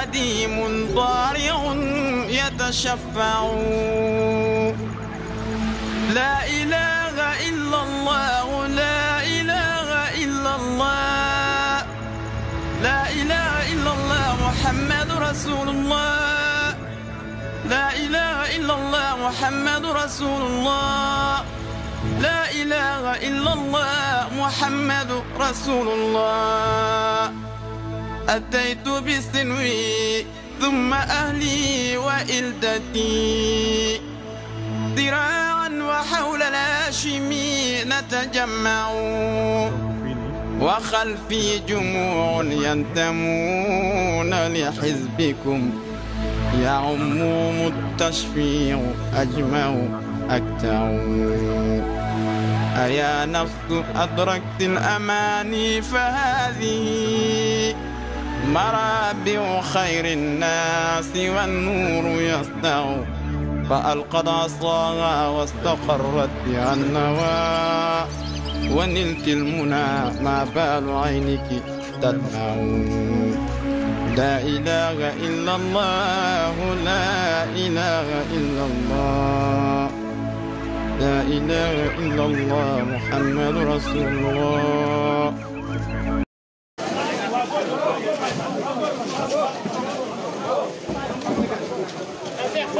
قديم ضارع يتشفع لا إله إلا الله لا إله إلا الله لا إله إلا الله محمد رسول الله لا إله إلا الله محمد رسول الله لا إله إلا الله محمد رسول الله أتيت بسنوي ثم أهلي وإلدتي ذراعا وحول الهاشمي نتجمع وخلفي جموع ينتمون لحزبكم يعم التشفيع أجمع أكتع أيا نفس أدركت الأماني فهذه مرابع خير الناس والنور يصدع فألقد عصاها واستقرت بها النوى ونلت المنى ما بال عينك تدمع لا إله إلا الله لا إله إلا الله لا إله إلا الله محمد رسول الله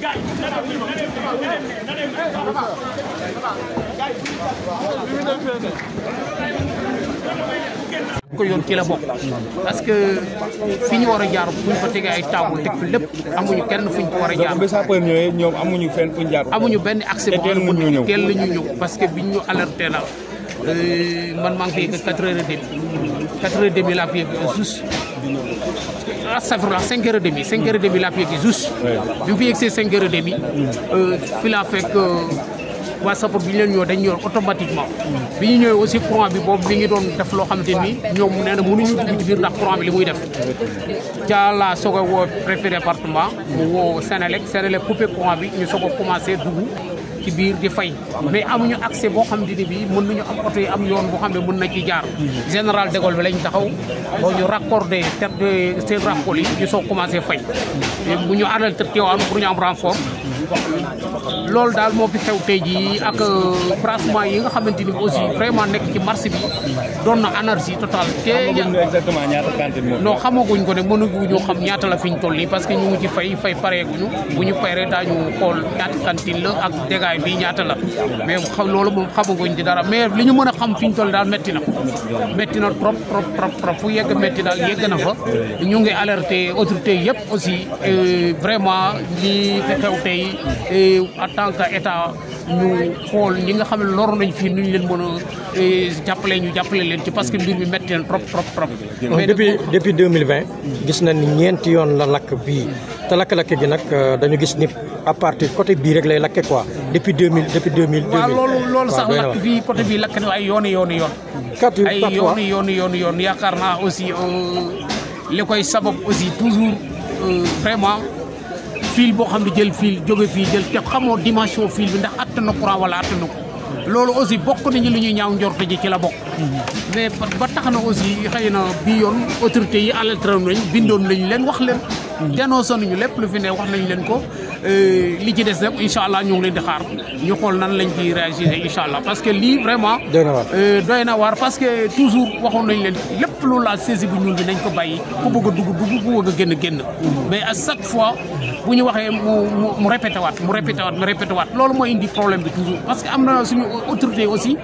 Guys, ko yoon ci la parce que fi ñu war a jaar fu ñu fa tegee ay table teg fi lépp amuñu kenn fu ñu ko war a jaar donc ba saa ñu jaar amuñu benn accès boo xam ne ñu ñëw parce que biñ ñu alerté la euh, man maa ngi koy yëg quatre heures et demi quatre heures et demi laa fi yëg juste astafurlah cinq heures et demi cinq heures et demi laa fi yëg juste bi mu fi yëg see cinq heures et demi euh, fi laa fekk euh, waa sapeur bi ñu leen ñëw dañ ñëw automatiquement bi ñu ñëwee aussi courant bi boobu mi ngi doon def loo xam ni ñoom nee na mënuñu dugg ci biir ndax courant bi li muy def ca la soog a woo préfet département mu woo Sénélec Sénélec coupé courant bi ñu soog a commencé dugg ci biir di fay mais amuñu accès boo xam ne bii mën ñu am oto yi am yoon boo xam ne mën na ci jaar général de bi lañ taxaw boo ñu raccordé seen raccord yi ñu soog commencé fay bu ñu àndal Tivaouane pour ñu am renfort loolu daal moo fi xew tey jii ak branchement euh, yi nga xamante ni aussi vraiment nekk ci marché bi doon na anarchie totale. te exactement xamaguñ ko ne mënaguñoo xam ñaata la fi ñu toll nii parce que ñu ngi ci fay fay pareeguñu bu ñu paree daañu xool ñaata la ak dégâts bi ñaata la mais xam loolu moom xamaguñ ci dara mais li ñu mën a xam fi ñu toll daal métti na métti na trop trop trop trop fu yegg métti daal yegg na fa ñu ngi alerté autorité yëpp aussi euh, vraiment li fi xew tey en tant que état ñu xool ñi nga xam ne loru nañ fii nu ñu leen mën a jàppale ñu jàppale leen ci parce que mbir mi métti leen trop trop trop. mais depuis depuis deux mille vingt. gis nañ ni ñeenti yoon la lakk bii. te lakk-lakk gi nag euh, dañu gis ni à partir côté bii rek lay lakke quoi depuis 2000 depuis 2000. waaw lool loolu sax lakk fii côté bii lakk na ay yooni yooni yoon. quatre ay yoon yaakaar naa aussi euh, li koy sabab aussi toujours euh, vraiment. fil boo xam ne jël fil jóge fii jël te xamoo dimension fil bi ndax attan na courant wala at na ko loolu aussi bokk nañu lu ñuy ñaaw njorte ji ci la bokk mais ba tax na aussi xëy na bii yoon autorité yi alerté nañ bindoon nañ leen wax leen dénoncé ñu lépp lu fi ne wax nañ leen ko euh, li ci des nag incha allah ñu ngi leen di xaar ñu xool nan lañ ci réagir incha allah parce que lii vraiment. Euh, doy na waar parce que toujours waxoon nañ leen lépp lu la saisi bu ñuul bi nañ ko bàyyi. ku bëgg dugg dugg ku bëgg génn génn. mais à chaque fois bu ñu waxee mu mu répété waat mu répété waat mu waat loolu mooy indi problème bi toujours parce que am na suñu autorité aussi.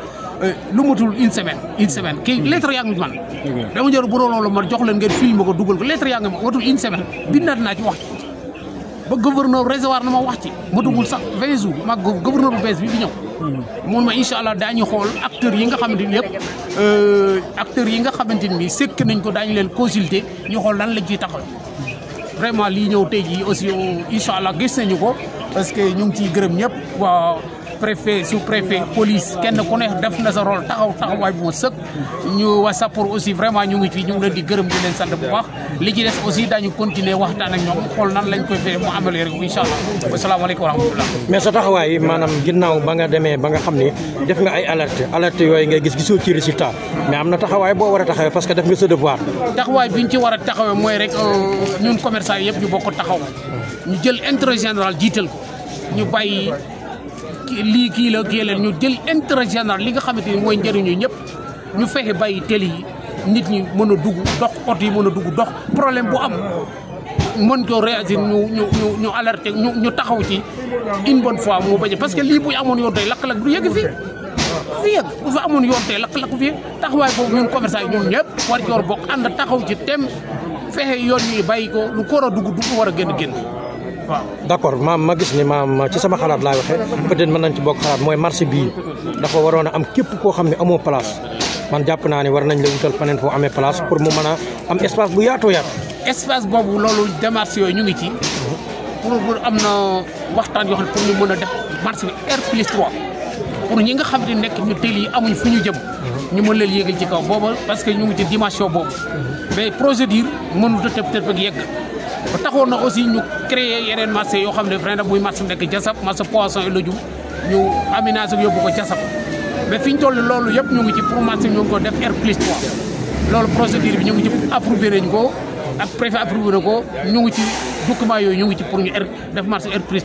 lu matul une semaine une semaine kii lettre yaa ngi man dama jël bu loolu man leen ngeen film ko dugal ko lettre yaa ngi matul une naa ci wax ci ba gouverneur réservoir na ma wax ci ma dugul sax vingt jours maag gouverneur bu bees bi di ñëw mun hmm. ma incha allah daañu xool acteurs yi nga xamante ni yëpp euh, acteurs yi nga xamante ni sekk nañ ko daañ leen consulter ñu xool lan lañ ciy taxaw vraiment lii ñëw tey jii aussi incha allah gis nañu ko parce que ñu ngi ciy gërëm ñëpp préfet sous préfet police kenn ku ne def na sa rôle taxaw taxawaay bu ma sëkk ñu waa sappoor aussi vraiment ñu ngi ci ñu ngi leen di gërëm di leen sant bu wax li ci des aussi daañu continuer waxtaan ak ñoom xool nan lañ koy fee mu amélioré ko incha allah wasalaamaaleykum wa rahmatulah mais sa taxawaay maanaam ginnaaw ba nga demee ba nga xam ni def nga ay alerte alerte yooyu ngay gis gisoo ci résultat mais am na taxawaay boo war a taxawee parce que def nga sa a taxawee mooy rek euh, ñun commerçant yëpp ñu bokk taxaw ñu jël intérêt général jiital ko lii kii la kii la ñu jël intérêt général li nga xamante ni mooy njëriñu ñëpp ñu fexe bàyyi télé yi nit ñi mën a dugg dox oto yi mën a dugg dox problème bu am mën ko réagir ñu ñu ñu alerter ñu ñu taxaw ci une bonne fois moo bañ parce que lii buy amoon yoon tey lakk-lakk du yëgg fii fi yëg bu fi amoon yoon tey lakk-lakk fii taxawaay boobu ñun commerçant yi ñun ñëpp war ci war bokk ànd taxaw ci tem fexe yoon yi bàyyi ko lu ko war a dugg dugg war a génn génn waaw d'accord maam ma gis ni maam ci sama xalaat laa waxee peut-être mën nañ ci bokk xalaat mooy marché bii dafa waroon am képp koo xam ne amoo place man jàpp naa ne war nañ la wutal faneen foo amee place pour mu mën am espace bu yaatoo yaatu. boobu loolu démarche yooyu ñu ngi ci. pour pour am na waxtaan yoo xam ne pour ñu mën a def marché bi R plus 3 pour ñi nga xam ne nekk ñu teel amuñ fu ñu jëm. Mhm. ñu mën leen yéegal ci kaw booba parce que ñu ngi ci dimension boobu. Mhm. mais procédure mënut a tëb tëb ba taxoon na aussi ñu créer yeneen marché yoo xam ne vraiment muy marché nekk jasab marché poisson et légumes ñu aménagé yóbbu ko jasab mais fi ñu toll loolu yëpp ñu ngi ci pour marché ñu ngi ko def R plus 3 loolu procédure bi ñu ngi ci approuvé nañ ko ak préfet approuvé na ko ñu ngi ci document yooyu ñu ngi ci pour ñu R def marché R plus